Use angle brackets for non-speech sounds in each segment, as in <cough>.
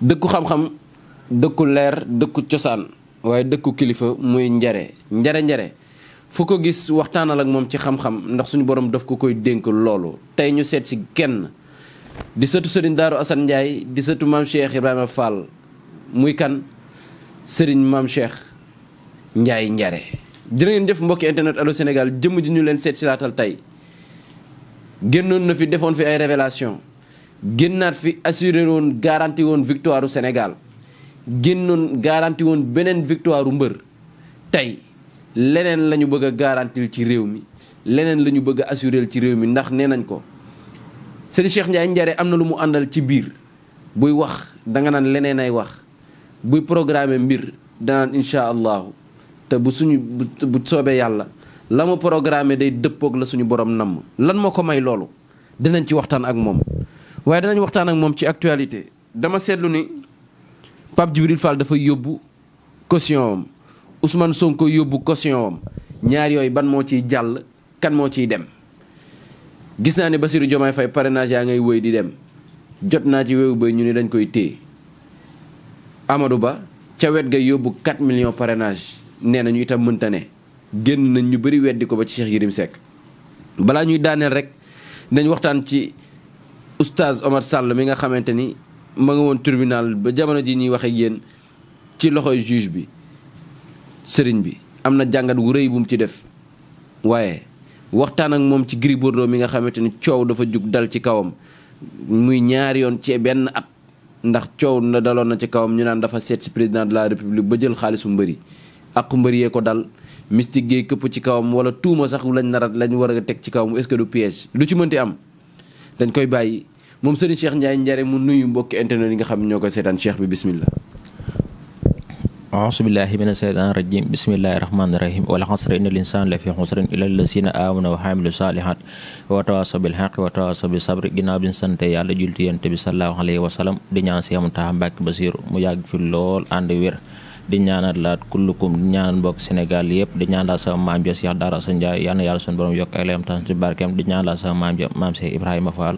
dëkku xam-xam dëkku leer dëkku cosaan waaye dëkku kilifa muy njare njare njare fu ko gis waxtaanal ak moom ci xam-xam ndax suñu borom daf ko koy dénk loolu tey ñu seet si kenn di sëtu sëriñ Daaru Assane Ndiaye di sëtu maam Cheikh Ibrahima Fall muy kan sëriñ maam Cheikh Ndiaye njare jërë ngeen jëf mbokki internet Allô Sénégal jëmm ju ñu leen seet si laatal tey génnoon na fi defoon fi ay révélation génnaat fi assuré woon garanti woon victoire u Sénégal génnoon garanti woon beneen victoire mbër tey leneen la ñu bëgg a garantil ci réew mi leneen la ñu bëgg a assuré ci réew mi ndax nee nañ ko sëñ Cheikh Ndiaye Njare am na lu mu àndal ci biir buy wax danga naan leneen ay wax buy programme mbir danaan incha allahu te bu suñu bu soobee yàlla la mu programme day dëppoog la suñu borom namm lan ma ko may loolu dinañ ci waxtaan ak moom waaye danañ waxtaan ak moom ci actualité dama seetlu ni Pape Djibril Fall dafa yóbbu caution am Ousmane Sonko yóbbu caution am ñaar yooyu ban moo ciy jàll kan moo ciy dem. gis naa ni Bassirou Diomaye fay parrainage yaa ngay wéy di dem jot naa ci weewu bay ñu ni dañ koy téye Amadou Ba ca wet ga yóbbu 4 millions parrainage nee na ñu itam mënta ne génn nañ ñu bëri weddi ko ba ci Cheikh Yérim Seck balaa ñuy daaneel rek dañ waxtaan ci. oustaz Omar Sall mi nga xamante ni ma nga woon tribunal ba jamono ji ni wax ak yéen ci loxo juge bi sëriñ bi am na jàngat wu rëy bu mu ci def waaye waxtaan ak moom ci Gris Bordeaux mi nga xamante ni coow dafa jug dal ci kawam muy ñaari yoon ci benn at ndax coow na daloon na ci kawam ñu naan dafa seet si président de la république ba jël xaalisu mbëri ak mbëri yee ko dal mystique gee këpp ci kawam wala tuuma sax lañ narat lañ war a teg ci kawam est-ce que du piège lu ci mënti dañ koy bàyyi moom sëriñ Cheikh Ndiaye Ndiare mu nuyu mbokki internet yi nga xam ne ñoo koy seetaan cheikh bi bismillah aasubillahi mina seytaan rajim bismillahi rahmaani rahim wal xasri inna linsaan la fi xusrin illa lasina aamana wa xaamilu saalihat wa tawaasaw bil xaq wa tawaasaw bi sabri ginnaaw bi ñu sante yàlla julti yonent bi sallallahu alayhi wa di ñaan si Muntaxa Basiiru mu yàgg fi lool ànd wér di ñaanal laat kullukum di ñaanal mbokk Sénégal yëpp di ñaanal sama maam ja Cheikh Daara Assane Ndiaye yal na yàlla suñu borom yokk ay leeram tas ci barkeem di ñaanal Ibrahima Fall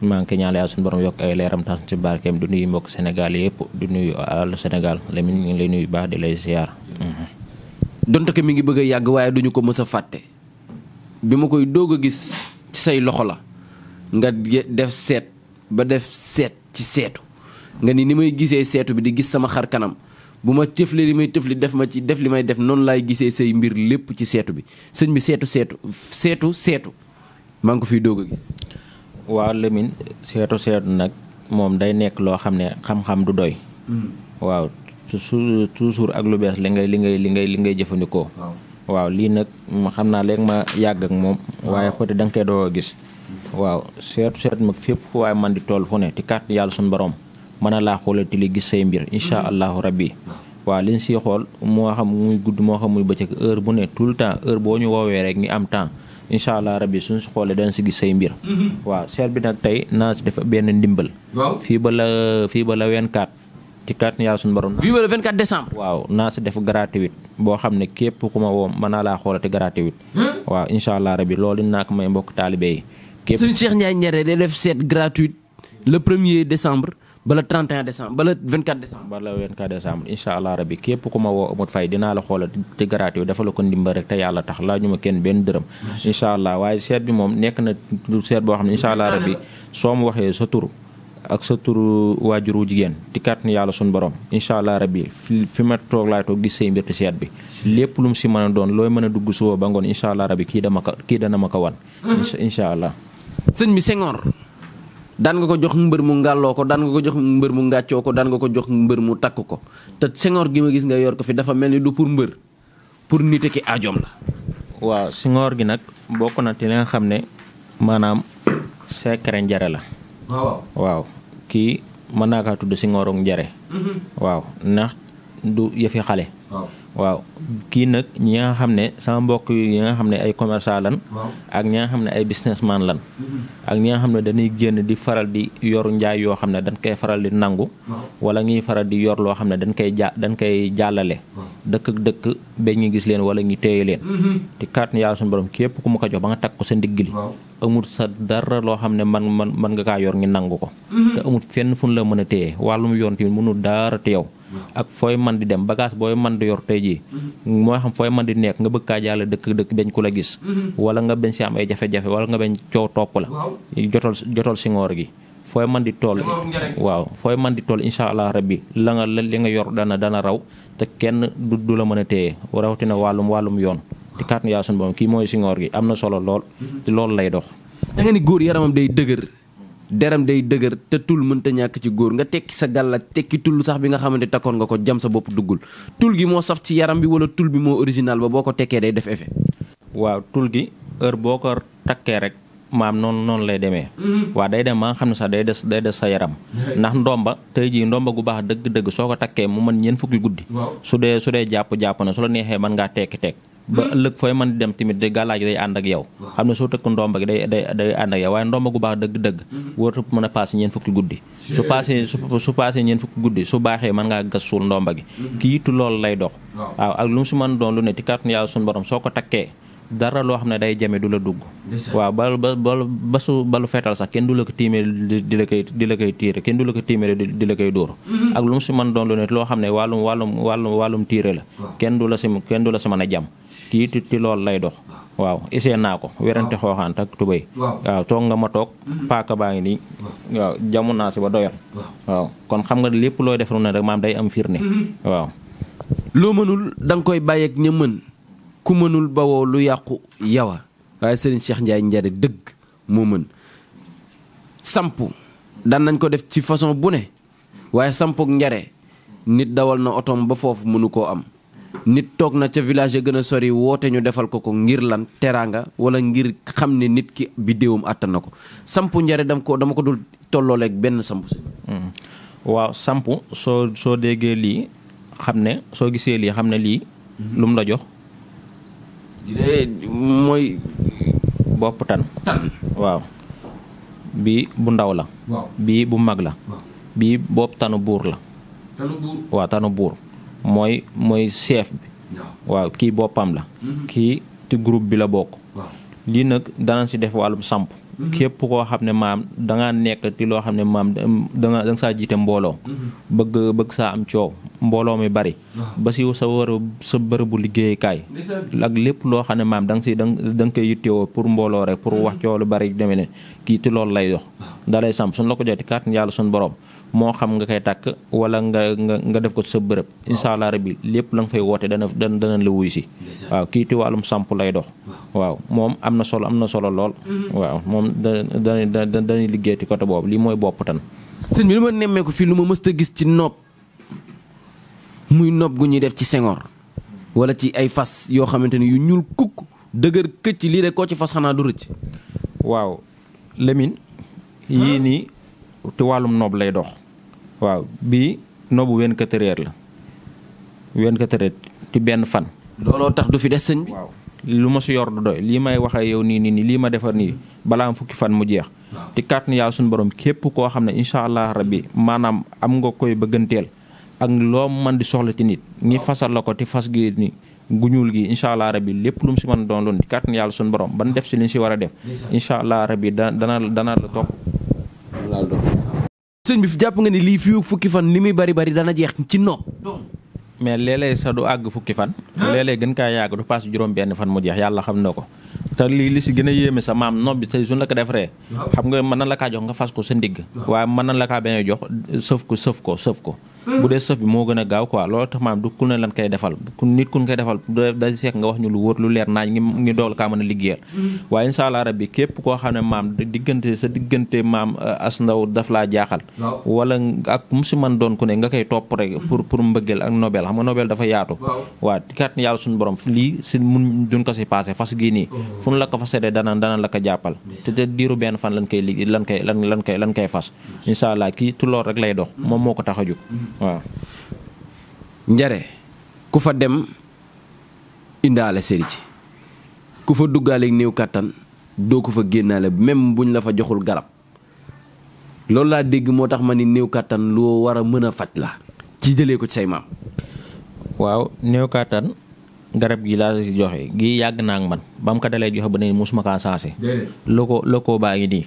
maa ngi koy ñaanal yokk ay leeram tas ci barkeem di nuyu mbokk Sénégal yëpp di nuyu àll Sénégal Lamine ñu ngi lay nuyu baax di lay ziar. Mhm. donte que mi ngi bëgg a yàgg waaye duñu ko mës a fàtte bi ma koy doog a gis ci say loxo la nga def seet ba def seet ci seetu nga ni ni may gisee seetu bi di gis sama xar kanam bu ma tëfli li may tëfli def ma ci def li may def noonu laay gisee say mbir lépp ci seetu bi sëñ bi seetu seetu seetu seetu maa ngi ko fiy doog a gis. waaw Lamine seetu seetu nag moom day nekk loo xam ne xam du doy. Hmm. waaw toujours ak lu bees li ngay li ngay li ngay li ngay jëfandikoo. waaw lii nag xam naa léegi ma yàgg ak moom. waaye peut-être da nga koy doo a gis. Hmm. waaw seetu seetu nag fépp waaye man di tool fu ne ci kàttan yàlla suñu borom. mën a laa xoolati li gis say mbir incha allahu rabbi waaw liñ siy xool moo xam muy gudd moo xam muy bëccëg heure bu ne tout le boo ñu woowee rek ñu am temps incha allah rabbi suñ si xoolee dañ si gis say mbir mm-hmm. waaw seet bi nag tey naa si def benn ndimbal fii ba la fii ba la 24 ci kat yaa suñu borom fii ba la 24 décembre waaw naa si def gratuit boo xam ne képp ku ma woo mën naa laa xoolati gratuit waaw incha allah rabbi loolu naa ko may mbokk taalibe yi suñ Cheikh Ndiaye Ndiéré bala 31 décembre bala 24 décembre. bala 24 décembre incha allah rabi képp ku ma woo amut fay dinaa la xoolal te garaat yow dafa la ko ndimbal rek te yàlla tax laa ñu ma kenn benn dërëm. incha allah waaye seet bi moom nekk na seet boo xam ne incha allah rabi soo mu waxee sa tur. ak sa turu waajur wu jigéen ci kàttan yàlla suñu borom incha allah rabbi fi ma toog laay toog gis say mbir te seet bi lépp lu mu si mën a doon looy mën a dugg suba ba ngoon incha allah rabbi kii dama ko kii dana ma ko wan. Mm-hmm. incha allah. sëñ bi Senghor. daan nga ko jox mbër mu ngàlloo ko daan nga ko jox mbër mu ngàccoo ko daan nga ko jox mbër mu takk ko te Senghor gi ma gis nga yor ko fi dafa mel ni du pour mbër pour nit ki ajoom la. waaw Senghor gi nag bokk na ci li nga xam ne maanaam secret njare la. waaw kii mën naa kaa tudd Senghor ak njare. Mhm. waaw ndax du yëfi xale. waaw kii nag ñaa xam ne sama mbokk yi nga xam ne ay commerçant lan ak ñaa xam ne ay businessman lan mm-hmm. ak ñaa xam ne dañuy génn di faral di yor njaay yoo xam ne dañ koy faral di nangu wala ñuy faral di yor loo xam ne dañ koy ja dañ koy jàllale dëkk dëkk ba ñu gis leen wala ñu téye leen mm-hmm. te kaat yaa suñu képp ku mu ko jox ba nga takk ko sa ndigg li amul sa dara loo xam ne man man mën nga kaa yor ngi nangu ko mm-hmm. te amul fenn fu ñu la mën a téye wàllum yoon tamit mënul dara te yow ak fooy man di dem bagage booy man di yor tey jii moo xam fooy man di nekk nga bëgg kaa jàll dëkk dëkk bañ ku la gis wala nga bañ si am ay jafe-jafe wala nga bañ coow topp la jotol jotol si ngoor gi fooy man di tool waaw fooy man di tool incha allah bi la nga li nga yor dana dana raw te kenn du du la mën a téye rawatina wàllum wàllum yoon te kàttan yaa sunu boom kii mooy si ngoor gi am na solo lool mm-hmm. loolu lay dox. da ni góor yaramam day dëgër. deram day dëgër te tul mënta ñàkk ci góor nga tekki sa gàlla tekki tul sax bi nga xamante takkoon nga ko jam sa bopp duggul tul gi moo saf ci yaram bi wala tul bi moo original ba boo ko tekkee day def efe waaw tul gi heure boo ko takkee rek maam noonu noonu lay demee. Mm-hmm. waa day dem maa xam ne sax day des day des sa yaram. Mm-hmm. ndax ndomba tey jii ndomba gu baax dëgg-dëgg soo ko takkee mu man ñeent fukki guddi. su dee su dee jàpp jàpp na su la neexee mën ngaa tekki tekki. ba hmm. ëllëg fooy mën dem tamit de gàllaaj day ànd ak yow xam ne soo tëkk ndomba gi day day day ànd ak yow waaye ndomba gu baax dëgg-dëgg hmm. wóorta mën a passé ñeen fukki guddi su passé su passé ñeen fukki guddi su baaxee mën ngaa gas suul ndomba gi hmm. ki yittu loolu lay dox waaw ak lu mu si mën doon lu ne ci kàttan suñu borom soo ko takkee dara loo xam ne day jame du la dugg waaw ba ba ba su balu feetal sax kenn la ko tiimee di la koy di la koy tiire kenn du la ko tiimee di la koy dóor ak lu si mën doon lu loo xam ne wàllum wàllum wàllum tiire la kenn du la si kenn du la si mën a jam kii ti ti lay dox waaw essayé naa ko werante xooxaan tak tubéy waaw toog nga ma toog mm-hmm. paaka baa ngi nii waaw jamu naa si ba doyal waaw kon xam nga lépp looy def ne rek maam day am firnde mm-hmm. waaw loo mënul da koy bàyyi ña mën ku mënul bawoo lu yàqu yawa waaye sëriñ Cheikh Ndiaye njare dëgg moo mën samp daan nañ ko def ci façon bu ne waaye samp ak njare nit dawal na otoom ba foofu mënu koo am nit toog na ca village ya gën a sori woote ñu defal ko ko ngir lan teraanga walla ngir xam ne nit ki bidéewam àttan na ko samp njare dam ko dama ko dul tollooleek benn sampu si. Hmm. waaw sampu soo soo déggee lii xam ne soo gisee lii xam ne lii. lum la jox. Eh, mooy. bopp tan. waaw. bii bu ndaw la. bii bu mag la. waaw bii bopp tanu buur la. waaw tanu buur. mooy mooy chef bi waaw kii boppam la mm-hmm. kii ci groupe bi la bokk lii nag dana si def wàllum samp mm-hmm. képp koo xam ne maam danga nekk ci loo xam ne maam danga da saa jiite mbooloo mm-hmm. bëgg bëgg saa am coow mbooloo mi bari ba si sa war sa bërëbu liggéeykaay ak lépp loo xam ne maam da nga si da koy yittewoo pour mbooloo rek pour wax coow lu bari deme ne kii ci loolu lay dox da lay samp la ko jot ci kàttan yàlla suñ borom moo xam nga koy tàkk wala nga nga nga def ko sa bërëb incha allah rabbi lépp la nga fay woote dana dana dana la wuy si waaw kii ti wàllum samp lay dox waaw moom am na solo am na solo lool mm-hmm. waaw moom da da dañuy liggéey ci boobu lii mooy bopp tan sëñ bi lu ma nemmeeku fii lu ma mës gis ci nopp muy nopp gu ñuy def ci sengoor wala ci ay fas yoo xamante ni yu ñuul kukk dëgër këcc lii rek koo ci fas xanaa du rëcc waaw Lamine yii nii te wàllum noob lay dox waaw bii nobu wenn quatre la wenn quatre heures benn fan. looloo tax du fi des sëñ bi. waaw lu ma si yor du doy lii may wax ak yow nii nii nii lii ma defar nii balaa am fukki fan mu jeex. te kàttan yaa suñu borom képp koo xam ne incha allah rabbi maanaam am nga koy bëgganteel ak loo man di soxla ci nit. ñi fasal la ko ti fas gi ni gu ñuul gi incha allah rabi lépp lu mu si mën doon loon ci kàttan yàlla suñu borom ban def si li ñu si war a def. incha allah rabi dana dana sëñ bi jàpp nga ne lii fii fukki fan li muy bari bari dana jeex ci nopp. mais léeg sa du àgg fukki fan. léeg gën kaa yàgg du paas juróom-benn fan mu jeex yàlla xam na ko. te lii li si gën a yéeme sa maam nobbi bi tey suñ la xam nga mën na la kaa jox nga fas ko sa ndigg. waaye mën na la kaa bañ jox sëf ko sëf ko sëf ko. Mm. bu dee sëf bi moo gën a gaaw quoi loolu tax maam du ku ne lan koy defal ku nit kun koy defal da fekk nga wax ñu lu wóor lu leer naaj ngi dool dogal kaa mën a liggéeyal mm. waaye insha allah rabbi képp koo xam ne maam diggante sa diggante maam eh, as ndaw daf laa jaaxal wala ak mu si man doon ku ne nga koy topp rek mm. pour pour mbëggeel ak nobel xam nga nobel dafa yaatu waaw kat yàlla suñu borom lii si mun duñ ko si passé fas gii nii oh. fu nu la ko fasedee dana dana la ko jàppal te benn fan lan koy liggéey lan koy lan lan koy lan koy fas insha allah kii tu rek lay dox moom moo ko tax a jóg waaw njare ku fa dem indaale sëri ji ku fa duggaale néew kàttan doo ko fa génnaale même buñ la fa joxul garab loolu laa dégg moo tax ma ni néew kàttan loo war a mën a faj la ci jëlee ko ci say maam waaw néew kàttan garab gi laa si joxe gi yàgg naa ak man ba mu ko dalee joxe ba ne musuma kaa saase. loo ko baa ngi nii.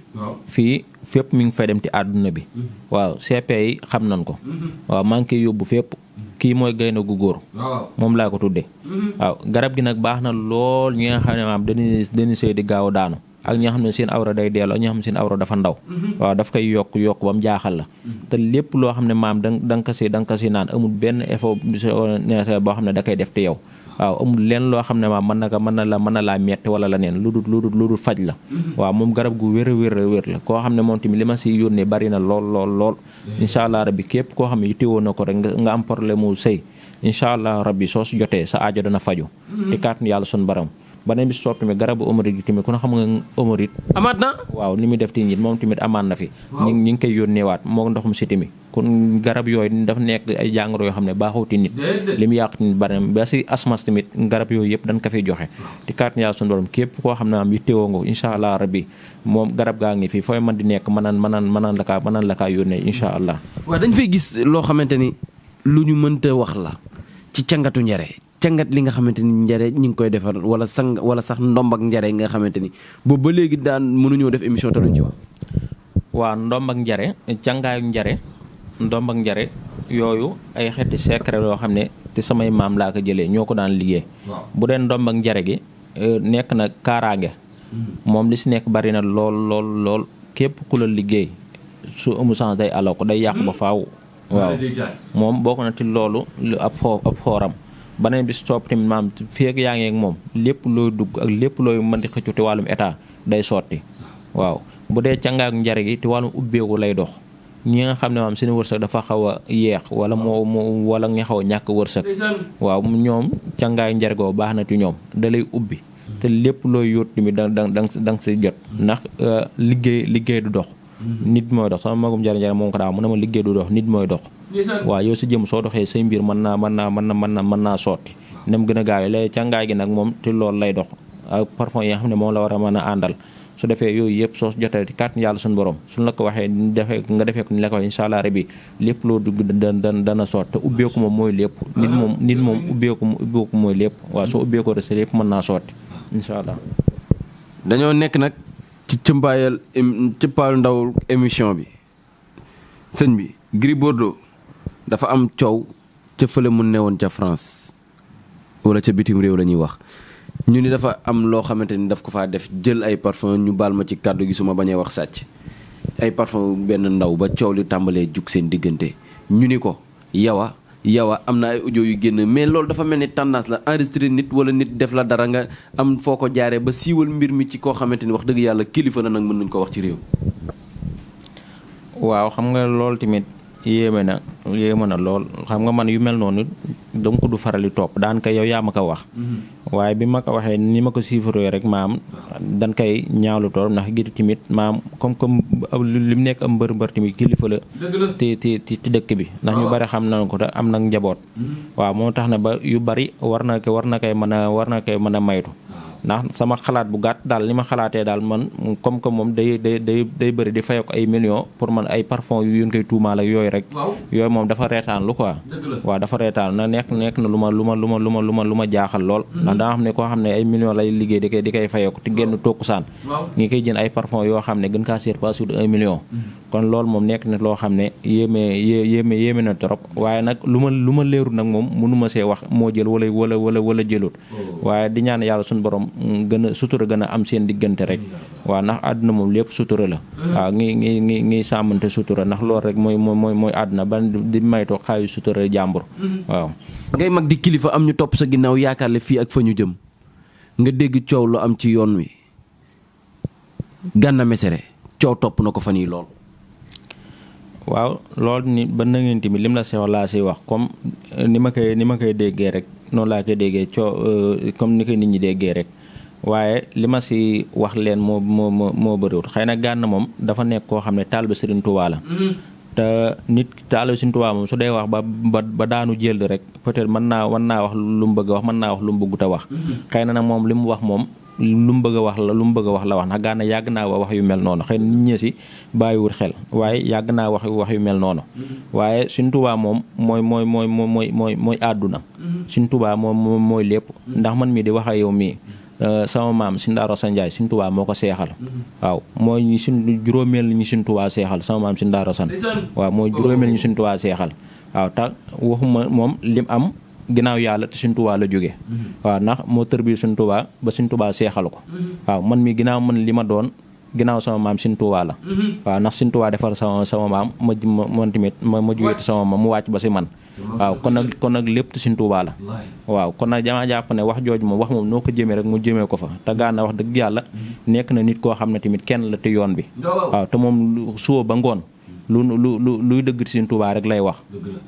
fii fépp mi ngi fay dem ci àdduna bi. Mhm. waaw CP yi xam nañ ko. Mhm. waaw maa ngi yóbbu fépp. Mhm. kii mooy gaynde gu góor. moom laa ko tuddee. waaw garab gi nag baax na lool ñi nga xam ne maam dañuy dañuy sëy di gaaw daanu. ak ñi nga xam ne seen awra day delloo ak ñi xam seen awro dafa ndaw. waaw daf koy yokk yokk ba mu jaaxal la. te lépp loo xam ne maam dan nga da nga si da nga benn effort boo xam ne da koy def te yow. waaw amul leen loo xam ne maa mën na mën na la mën na laa metti wala la neen lu dul lu dul lu dul faj la mm-hmm. waaw moom garab gu wér a wér a wér la koo xam ne moom tamit li ma si yónnee bari na lool lool lool incha allah rabbi képp koo xam ne yittewoo na ko rek nga am problème mu sëy incha allah rabbi soo si jotee sa aajo dana faju te mm-hmm. kàttanu yàlla sun baram beneen bi si topp tamit garabu omorit gi tamit ku xam nga omorit amaat na waaw li muy def ti nit moom tamit amaat na fi ñi ngi koy yónneewaat moo ndoxum si tamit kon garab yooyu dafa nekk ay yoo xam ne baaxuti nit li mu yàq nit bari ba si asmas tamit garab yooyu yëpp dañ ko fiy joxe te kàttan yàlla suñu borom képp koo xam ne am yittewoo nga incha allah rabbi moom garab gaa ngi fii fooy mën di nekk mënaan mënaan mënaan la kaa mënaan la kaa yónnee incha allah waaw dañ fay gis loo xamante ni lu ñu mënta wax la ci cangatu njare cangat li nga xamante ni njare ñi ngi koy defar wala sang wala sax ndomb ak njare nga xamante ni boobu ba léegi daan mënuñoo def émission te luñ ci wax waaw ndomb njare yooyu ay xeeti secret loo xam ne te samay maam laa ko jëlee ñoo ko daan liggéey. bu dee ndomb ak njare gi euh, nekk na kaaraange. Hmm. moom li si nekk bari na lool lool lool képp ku la liggéey su amu chance day alaw day yàqu ba hmm. faw waaw moom bokk na ci loolu lu ab foo ab fooram. beneen bi si topp tamit maam feeg yaa ngi ak moom lépp looy dugg ak lépp looy mën di xëccu te wàllum état day sotti. Ah. waaw bu dee càngaak njare gi te wàllum ubbeeku lay dox. ñi xam ne maam seen wërsëg dafa xaw a yeex wala moo moo wala nga xaw a ñàkk wërsëg waaw ñoom càngaay njargoo baax na ci ñoom da lay ubbi te lépp looy yóot tamit da da da nga si jot ndax euh, liggéey liggéey du dox mm-hmm. nit mooy dox sama magum njariñ njariñ moom ko daaw mu ne ma liggéey du dox nit mooy dox waa yow si jëm soo doxee say mbir mën naa mën naa mën na mën na mën naa sotti nem gën a gaawe léegi càngaay gi nag moom te loolu lay dox ak parfum yi xam ne moom la war a mën a àndal su defee yooyu yëpp soo jotee ci kàttan yàlla suñu borom suñu la ko waxee defee nga defee ko ni la ko waxee incha allah rabbi lépp loo dugg dana dana soot te ubbeeku moom mooy lépp nit moom nit moom ubbeeku ubbeeku mooy lépp waaw soo ubbeekoo rek sa lépp mën naa sotti incha allah dañoo nekk nag ci cëmpaayal cëmpaalu ndaw émission bi sëñ bi Gris Bordeaux dafa am coow ca fële ne woon ca France walla ca bitim réew la ñuy wax ñu ni dafa am loo xamante ni daf ko faa def jël ay parfum ñu baal ma ci kàddu gi suma bañee wax sàcc ay parfum benn ndaw ba coow li tàmbalee jug seen diggante ñu ni ko yawa yawa am na ay audio yu génn mais loolu dafa mel ni tendance la enregistré nit wala nit def la dara nga am foo ko jaaree ba siiwal mbir mi ci koo xamante ni wax dëgg yàlla kilifa la nag mën nañu ko wax ci réew. waaw xam nga loolu tamit yéeme na yéeme na lool xam nga man yu mel noonu dama ko du farali toog daan ko yow yaa ma ko wax. Mm-hmm. waaye bi ma ko waxee ni ma ko chiffré rek maam dan koy ñaawlu tool ndax ngir tamit maam comme comme li mu nekk am mbër mbër tamit kilifa la. ti ti dëkk bi. ndax ñu ah. bari xam nañ ko te am nag njaboot. Mm-hmm. waaw moo tax na ba yu bari war na ko war na koy mën a war na koy mën a maytu. ndax sama xalaat bu gàtt daal li ma xalaatee daal man comme que moom day day day day bëri di fayoo ay millions pour man ay parfum yu yun koy tuumaal ak yooyu rek. yooyu moom dafa reetaan lu quoi. waaw dafa reetaan na nekk nekk na lu ma lu ma lu ma lu ma lu ma lu ma jaaxal lool. Mm-hmm. ndax daa xam ne koo xam ne ay millions lay liggéey di koy di koy fayoo ko te génn tokkusaan. ñi koy jënd ay parfum yoo xam ne gën kaa seer pas sur million. Mm-hmm. kon loolu moom nekk na loo xam ne yéeme yéeme yéeme na trop waaye nag lu ma lu ma leerul nag moom mënu ma see wax moo jël wala wala wala wala jëlut oh. moom gën a sutura gën a am seen diggante rek waaw ndax àdduna moom lépp sutura la waaw ngi ngi ngi ngi sàmmante sutura ndax loolu rek mooy mooy mooy àdduna ban di maytoo am ñu topp sa ginnaaw yaakaar la ñu jëm nga dégg coow lu am ci yoon wi Gana Messere coow topp na ko fan yii lool waaw loolu ni ba na ngeen lim la sew laa si wax comme ni ma koy ni ma koy déggee rek noonu laa koy déggee euh, comme ni koy nit ñi déggee rek waaye li ma si wax leen moo moo moo bëriwul xëy na Gana moom dafa nekk koo xam ne taalibe Serigne Touba la. Mm-hmm. te nit taalibe Serigne moom su dee wax ba ba daanu jël rek peut-être mën naa mën naa wax lu bëgg wax mën naa wax lu bëggut a wax. Mm-hmm. xëy na moom li mu wax moom. lu mu bëgg wax la lu mu bëgg a wax la wax ndax Gana yàgg naa wax yu mel noonu xëy nit ñi si bàyyiwul xel waaye yàgg naa wax wax yu mel noonu. Mm-hmm. waaye Sëriñ moom mooy mooy mooy mooy mooy mooy àdduna. Sëriñ moom mooy lépp. ndax man mii di wax ak yow mii. Euh, sama maam suñu daaro sa Njaay suñu moo ko seexal waaw mooy ñu suñu juróomeel ñu suñu tubaa seexal sama maam suñu daaro san waaw mooy juróomeel ñu suñu tubaa seexal waaw tax waxuma moom lim am ginnaaw yàlla te suñu la jóge mm-hmm. waaw ndax moo tër bi suñu tubaa ba suñu seexal ko mm-hmm. waaw man mi ginnaaw man li ma doon ginnaaw sama maam Sëñ la mhm. waaw ndax Sëñ Tuubaa defar sama sama maam ma man tamit ma ma juweeti sama ma mu wàcc ba si man waaw kon nag kon nag lépp Sëñ Tuubaa la waaw kon nag dama jàpp ne wax jooju ma wax moom noo ko jëmee rek mu jëmee ko fa te gaana wax dëgg yàlla mhm. nekk na nit koo xam ne tamit kenn la te yoon bi waaw te moom suba ba ngoon lu lu lu luy dëgg Sëriñ rek lay wax.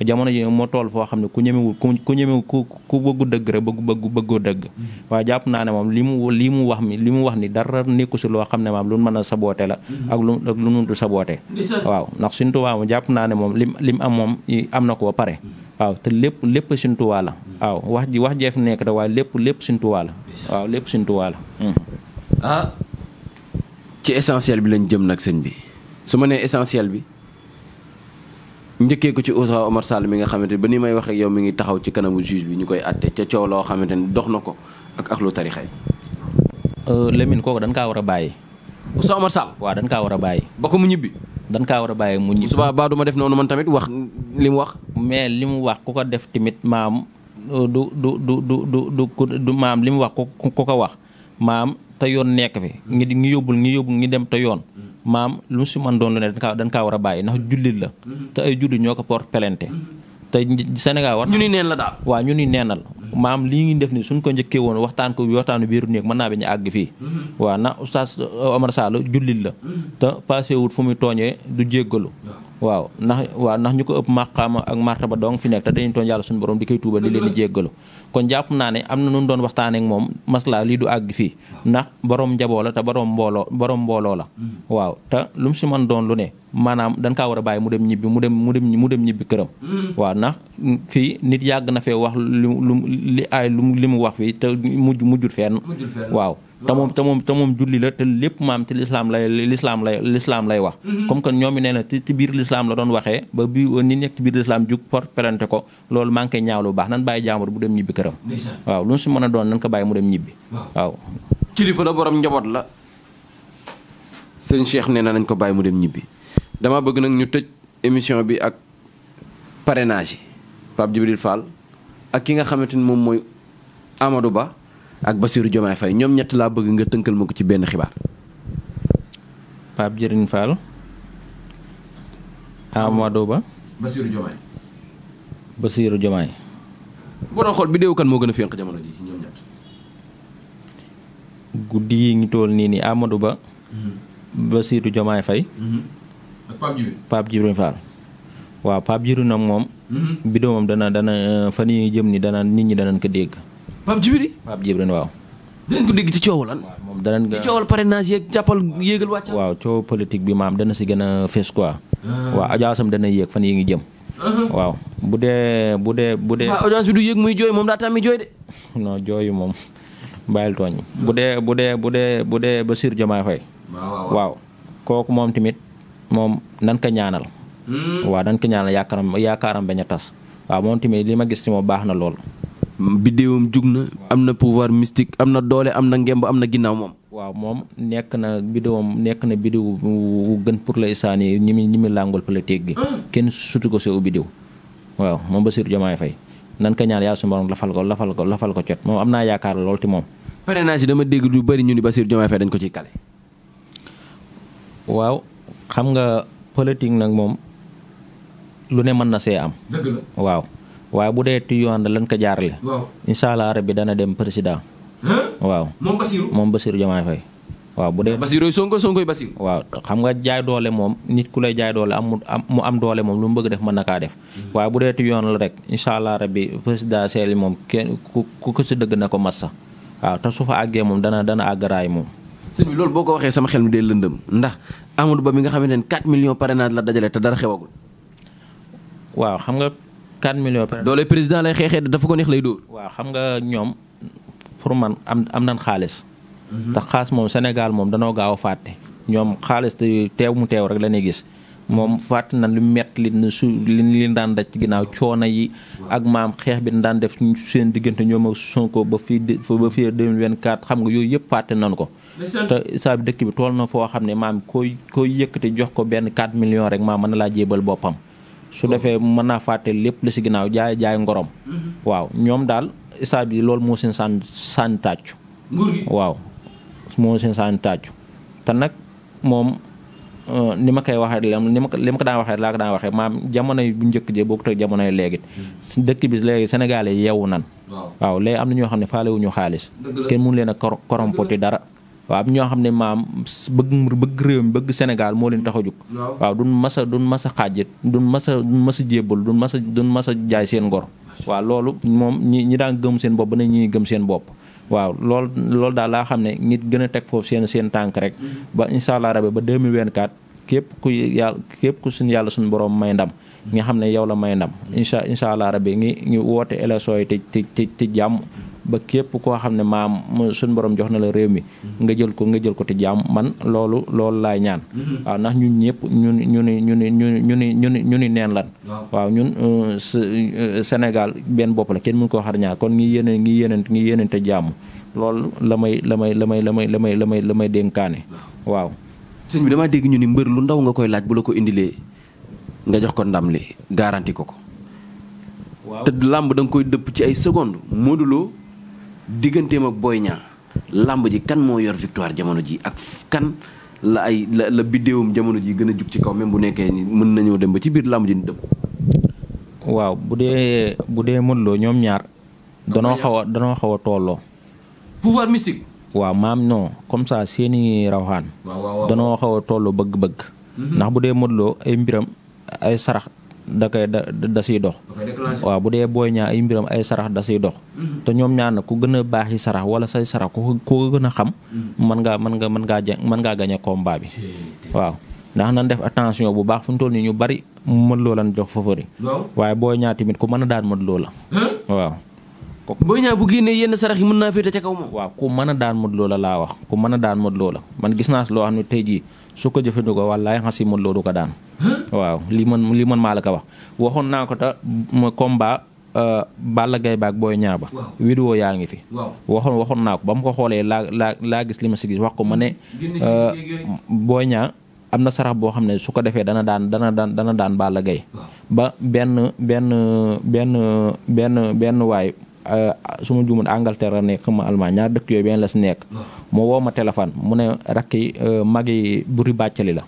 jamono ji moo tool foo xam ne ku ñemewul ku ku ñemewul ku ku bëggu dëgg rek bëgg bëggoo dëgg. Mm-hmm. waaye jàpp naa ne moom li mu li mu wax mi li mu wax ni dara nekku si loo xam ne maam lu mën a saboote la. Mm-hmm. ak lu ak lu saboote. waaw ndax Sëriñ Tuubaa moom jàpp naa ne moom li lim am moom am na ko pare. Mm-hmm. waaw te lépp lépp sintuwaa la. waaw wax ji wax jeef nekk rek waaye lépp lépp Sëriñ Tuubaa la. waaw lépp Sëriñ Tuubaa la. Ah, ci essentiel bi lañ jëm nag sëñ bi su ma nee essentiel bi njëkkee ko ci Ousmane Omar Sall mi nga xamante ni ba ni may wax ak yow mi ngi taxaw ci kanamu juge bi ñu koy àtte ca coow loo xamante ni dox na ko ak axlu tarixa yi. Euh, Lamine kooku dañ kaa war a bàyyi. Ousmane Omar Sall. waaw dañ kaa war a bàyyi. ba ko mu ñibbi. dañ kaa war a bàyyi mu ñibbi. suba baa du ma def noonu man tamit wax li mu wax. mais li mu wax ku ko def tamit maam euh, du du du du du du maam li mu wax ku ko wax maam. te yoon nekk fi ngi ngi yóbbul ngi yóbbul ngi dem te yoon maam lu si man doon lu ne dañ kaa war a bàyyi ndax jullit la te ay jullit ñoo ko port pelente te Sénégal war ñu ni neen la daal ñu ni neenal maam lii ngi def ni suñ ko njëkkee woon waxtaan ko waxtaanu biiru néeg mën naa bi ñu àgg fii waaw na oustaz euh, Omar Sall jullit la te passé wut fu muy tooñee du jéggalu waaw ndax waaw ndax ñu ko ëpp màqaama ak martaba dong fi nekk te dañuy tooñ yàlla suñu borom di koy tuubal di leen kon jàpp naa ne am na nun doon waxtaaneek moom maslaa lii du àgg fii ndax borom njaboo la te borom mbooloo borom mbooloo la mm. waaw te lu mu si man doon lu ne maanaam dañ kaa war a bàyyi mu dem ñibbi mu dem mu dem mu dem ñibbi këram mm. waaw ndax fii nit yàgg na fee wax lu lu li ay lu li mu wax fii te mujj mujjul fenn waaw te moom moom te moom julli la te lépp maam ci lislaam lay lislaam lay lislaam lay wax mm-hmm. comme que ñoom i nee na ci biir lislaam la doon waxee ba bi ni nekk ci biir lislaam jug por perante ko loolu maa ngi koy ñaaw lu baax nan bàyyi jaambur bu dem ñibbi këram waaw lu mu si mën a doon nan ko bàyyi mu dem ñibbi waaw kilifa la borom njaboot la sëñ Cheikh nee na nañ ko bàyyi mu dem ñibbi dama bëgg nag ñu tëj émission bi ak parrainage yi Pape Djibril ak ki nga xamante ni moom mooy Amadou Ba ak Bassirou Diomaye fay ñoom ñett laa bëgg nga tënkal ma ko ci benn xibaar. Pape Jëriñ Fall. Amadou Ba. Bassirou Diomaye. Bassirou Diomaye. boo doon xool kan moo gën a fénq jamono ji tool nii nii Amadou Ba. Mhm. Bassirou Diomaye Faye. Mhm. ak Pape waaw Pape Djibril nag moom. bidéo mhm. moom dana dana fan yii jëm ni dana nit ñi danañ ko dégg. Pape Djibril Pape Djibril waaw. dinañ ko dégg ci coow lan. moom danañ ci coowal jàppal yéegal wàcc. waaw coow politique bi maam dana si gën a fees quoi. Ah. waaw ajaasam dana yéeg fan yi ngi jëm. Uh-huh. waaw bu dee bu dee bu dee. waaw audience bi muy jooy moom daa tammi jooy de. <laughs> non moom bàyyil tooñ. bu dee bu dee bu dee bu dee Bassirou Diomaye Faye. waaw kooku moom tamit moom nan ka ñaanal. Hmm. waaw nan ko ñaanal yaakaaram yaakaaram bañ a tas. waaw moom tamit li ma gis ci moom baax na lool. biddéewam jug na am na pouvoir mystique am na doole am na ngemb am na ginnaaw moom waaw moom nekk na biddéewam nekk na biddéew bu gën pour la isaan yi ñi mu ñi mu làngul politique gi ah. kenn sutu ko sew biddéew waaw moom Bassirou Diomaye Faye nan ko ñaar yaa su borom lafal ko lafal ko lafal ko cot moom am naa yaakaar lool ci moom parrainage si dama dégg du bari ñu ni Bassirou Diomaye Faye dañ ko ciy kale waaw xam nga politique nag moom lu ne mën na see am waaw waaye bu dee tuyuwaan lan ko jaarale. waaw incha allah rabbi dana dem président. waaw moom Bassirou moom Bassirou Diomaye waaw bu dee Bassirou Sonko Sonko Bassirou waaw xam nga jaay moom nit ku lay jaay doole am mu am doole moom lu mu bëgg def mën na kaa def mm-hmm. waaye bu dee yoon la rek incha allah bi président seel moom kenn ku ku si dëgg na ko massa waaw te su fa àggee moom dana dana àggaraay moom sëñ loolu boo ko waxee sama xel mi dee lëndëm ndax Amadou Ba mi nga xamante ne 4 millions parrainage la dajale te dara xewagul waaw xam nga 4 millions par doole président lay xeexee dafa ko neex lay dóor. waaw xam nga ñoom pour man am am nañ xaalis. Mhm. ndax xaalis moom Sénégal moom danoo gaaw a fàtte. ñoom xaalis teew mu teew rek la ñuy gis moom fàtte na lu métti li su li daan daj ci ginnaaw coono yi. ak maam xeex bi daan def seen diggante ñoom ak Sonko ba fii ba fii 2024 xam nga yooyu yëpp fàtte nañ ko. te saa dëkk bi tool na foo xam ne maam koy koy yëkkati jox ko benn 4 million rek maam mën na laa jébal boppam. su defee mën naa fàtte lépp la si ginnaaw jaay jaay ngorom. waaw ñoom daal stade bi lool moo seen saan saan tàccu. waaw moo seen saan tàccu. te nag moom euh, ni ma koy waxee li ma ko li ko daan waxee laa ko daan waxee maam jamonoy bu njëkk jee bokkut ak jamonoy léegi. Hmm. dëkk bi léegi Sénégal yi yeewu nan. waaw léegi am na ñoo xam ne faale wu ñu xaalis. kenn mënu leen a korompoté dara. waaw ñoo xam ne maam bëgg bëgg réew mi bëgg Sénégal moo leen tax a jóg waaw du mas du masa mas a xaajit duñ mas du duñ mas a jébbal duñ jaay seen ngor waaw loolu moom ñi ñi daan gëm seen bopp ba nañ gëm seen bopp waaw lool loolu daal laa xam ne nit gën a teg foofu seen seen tànk rek mm-hmm. ba incha allah rabi ba 2024 képp ku yàlla képp ku suñu yàlla suñu borom may ndam nga xam ne yow la may ndam mm-hmm. incha incha ngi ngi woote élection yi te te te jàmm ba képp koo xam ne maam suñ borom jox na la réew mi nga jël ko nga jël ko te jaam man loolu lool laay ñaan mm-hmm. waaw ndax ñun ñëpp ñun ñu ni ñu ni ñu ni ñu ni ñu ni neen lan waaw ñun euh, euh, Sénégal benn bopp la kenn mënu koo xar ñaar kon ngi yéene ngi yéene ngi yéene te jàmm lool la may la may la may la may la may la may la may dénkaane waaw sëñ bi damaa dégg ñu ni mbër lu ndaw nga koy laaj bu la ko indilee nga jox ko ndam li garanti ko ko te làmb da koy dëpp ci ay seconde Modou Lo digganteem ak booy Niang làmb ji kan moo yor victoire jamono ji ak kan la ay la la biddéewum jamono ji gën a jug ci kaw même bu nekkee mën nañoo dem ba ci biir làmb ji ni dëpp waaw bu dee bu dee Modou ñoom ñaar danoo xaw a danoo xaw a tolloo pouvoir mystique waaw maam non comme ça seeni rawxaan danoo xaw a tolloo bëgg-bëgg mhm. ndax bu dee Modou Lo ay mbiram ay sarax da koy da da siy dox. waaw bu dee booy ñaa ay mbiram ay sarax da dox. Mhm. te ñoom ñaar nag ku gën a baax yi sarax wala say sarax ku ko gën a xam. Mhm. mën ngaa mën nga mën ngaa je mën ngaa gañe combat bi. waaw ndax nan def attention bu baax fu ñu toll nii ñu bari mën loo lan jox favori. waaye booy ñaa tamit ku mën a daan mën loo la. waaw. booy ñaa bu génnee yenn sarax yi mën naa féete ca kaw moom. waaw ku mën a daan mën loo la laa wax ku mën a daan mën loo la man gis naa si loo xam ne tey jii su ko jëfandikoo wàllaay xasi mën loo du ko daan waaw lii man li man maa la ko wax waxoon naa ko ta ma combat euh, Balla Gaye baak Boy Niang ba vidéo yaa ngi fi waxoon waxoon naa ko ba mu ko xoolee laa laa gis li ma si gis wax ko ma ne mm. euh, Boy Niang am na sarax boo xam ne su ko defee dana daan dana daan dana daan Balla Gaye ba benn benn benn benn benn waay euh, su ma juumul Angleterre a nekk ma Allemagne ñaar dëkk yooyu benn la si nekk mu woo ma téléphone mu ne rakki euh, magi buri bàccali la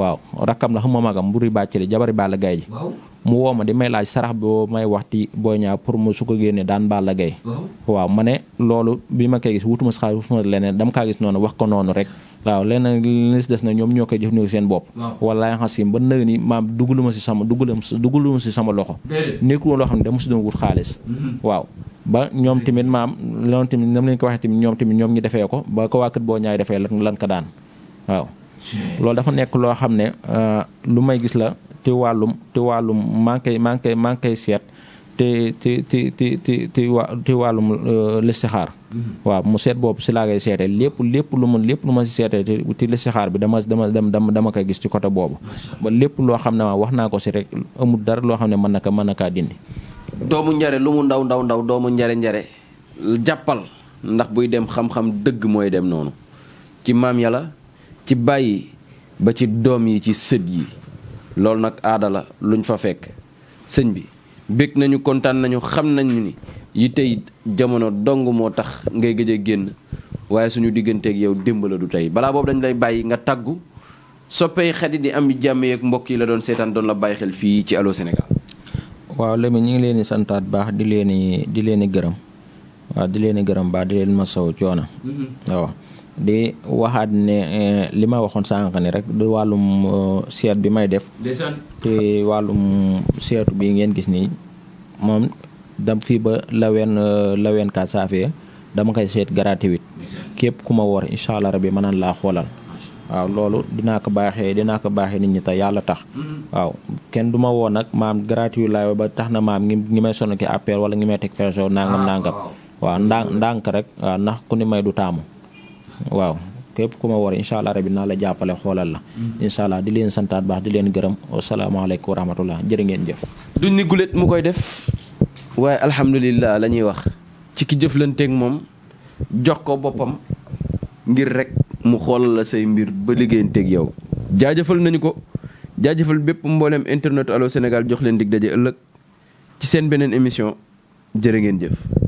waaw rakkam la ma magam buri bàccali jabari Balla Gaye ji mu woo ma di may laaj sarax boo may waxti Boy Niang pour mu su ko génnee daan Balla Gaye waaw ma ne loolu bi ma koy gis wutuma si xaalis wutuma leneen dama kaa gis noonu wax ko noonu rek waaw leneen li si des na ñoom ñoo koy jëfandikoo seen bopp walaay xasim ba nëg ni maam dugaluma si sama dugaluma si sama loxo nekkul woon loo xam ne dama si doon wut xaalis mm-hmm. waaw ba ñoom tamit maam loolu tamit nam leen ko waxee tamit ñoom tamit ñoom ñu defee ko ko waa kër boo ñaay defee lan lan ko daan waaw. loolu dafa nekk loo xam ne euh, lu may gis la te wàllum te wàllum maa ngi koy maa ngi seet te te te te wa te wàllum euh, listixaar mm-hmm. waaw mu seet boobu si koy seetee lépp lépp lu ma lépp lu ma si seetee te te listixaar bi dama dama dama dama koy gis ci côté boobu. ba lépp loo xam ne wax naa ko si rek amul dara loo xam ne mën na ko mën na kaa dindi. doomu njare lu mu ndaw ndaw ndaw doomu njare njare jàppal ndax buy dem xam-xam dëgg mooy dem noonu ci maam yàlla ci bàyyi ba ci doom yi ci sët yi loolu nag aadala la luñ fa fekk sëñ bi bég nañu kontaan nañu xam nañu ni yi tey jamono dong moo tax ngay gëj génn waaye suñu digganteeg yow démb du tey balaa boobu dañ lay bàyyi nga tàggu soppee xarit di am jàmm yeeg mbokk yi la doon seetaan doon la bàyyi xel fii ci Allô Sénégal waaw Lamine ñu ngi leen di santaat baax di leen di leen di gërëm waaw di leen di gërëm baax di leen masaw coono. Mm-hmm. waaw di waxaat ne eh, li ma waxoon sànq ni rek du wàllum eh, seet bi may def. wàllum seetu bi ngeen gis nii moom dam fii ba laween eh, laween kat saafee dama koy seet gratuit. képp ku ma woor incha allah rabi mën naan laa xoolal. waaw loolu dinaa ko baaxee dinaa ko baaxee nit ñi te yàlla tax. Mm-hmm. waaw kenn du ma woo nag maam gratuit laay ba tax na maam ngi may sonn ki appel wala ngi may teg pression nangam ah, nangam. waaw ndànk ndànk rek ndax ku ni may du taamu. waaw képp ku ma war incha allah rabi naa la jàppale xoolal la. Mm-hmm. incha allah di leen santaat baax di leen gërëm asalaamaaleykum wa rahmatullah jërë ngeen jëf. duñ ni gulet mu koy def waaye alhamdulilah la wax ci ki jëflanteeg moom jox ko boppam ngir rek. mu xoolal la say mbir ba liggéeyanteeg yow jaajëfal nañu ko jaajëfal bépp mboolem internet Allô Sénégal jox leen dig daje ëllëg ci seen beneen émission jërë ngeen jëf